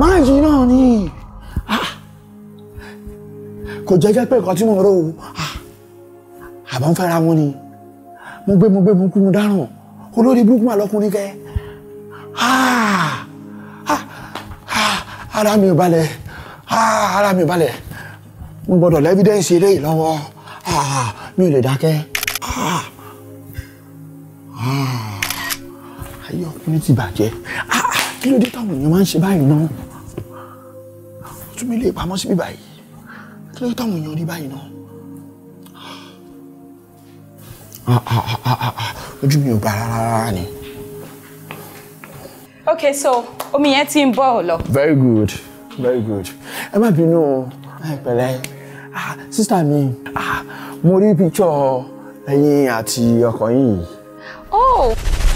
máàjì náà ni ah, kò jẹ́jẹ́ pé nǹkan tí mo rò ó ah, àbá ń fẹ́ra wọn ni mo gbé mo gbé mo kú mo dáràn olórí burúkú mà lọ́kùnrin kẹ́ ah, ara mi ò balẹ̀ ara mi ò balẹ̀ mo gbọ́dọ̀ lẹ́fídẹ́ǹsì eléyìí lọ́wọ́ mi ò lè dákẹ́ ayé ọkùnrin ti bàjẹ́ kí ló dé táwọn èèyàn máa ń ṣe báyìí náà ó tún mi lè pamọ́ síbí báyìí kí ló táwọn èèyàn rí báyìí náà. Ah, ah, ah, ojú mi ò bá rárá ni. okay so omi yẹn ti ń bọ̀ lọ. very good very good ẹ má bínú o ẹ pẹ̀lẹ́ sísá mi mo rí píkṣọ ẹ̀yin àti ọkọ yìí. oh.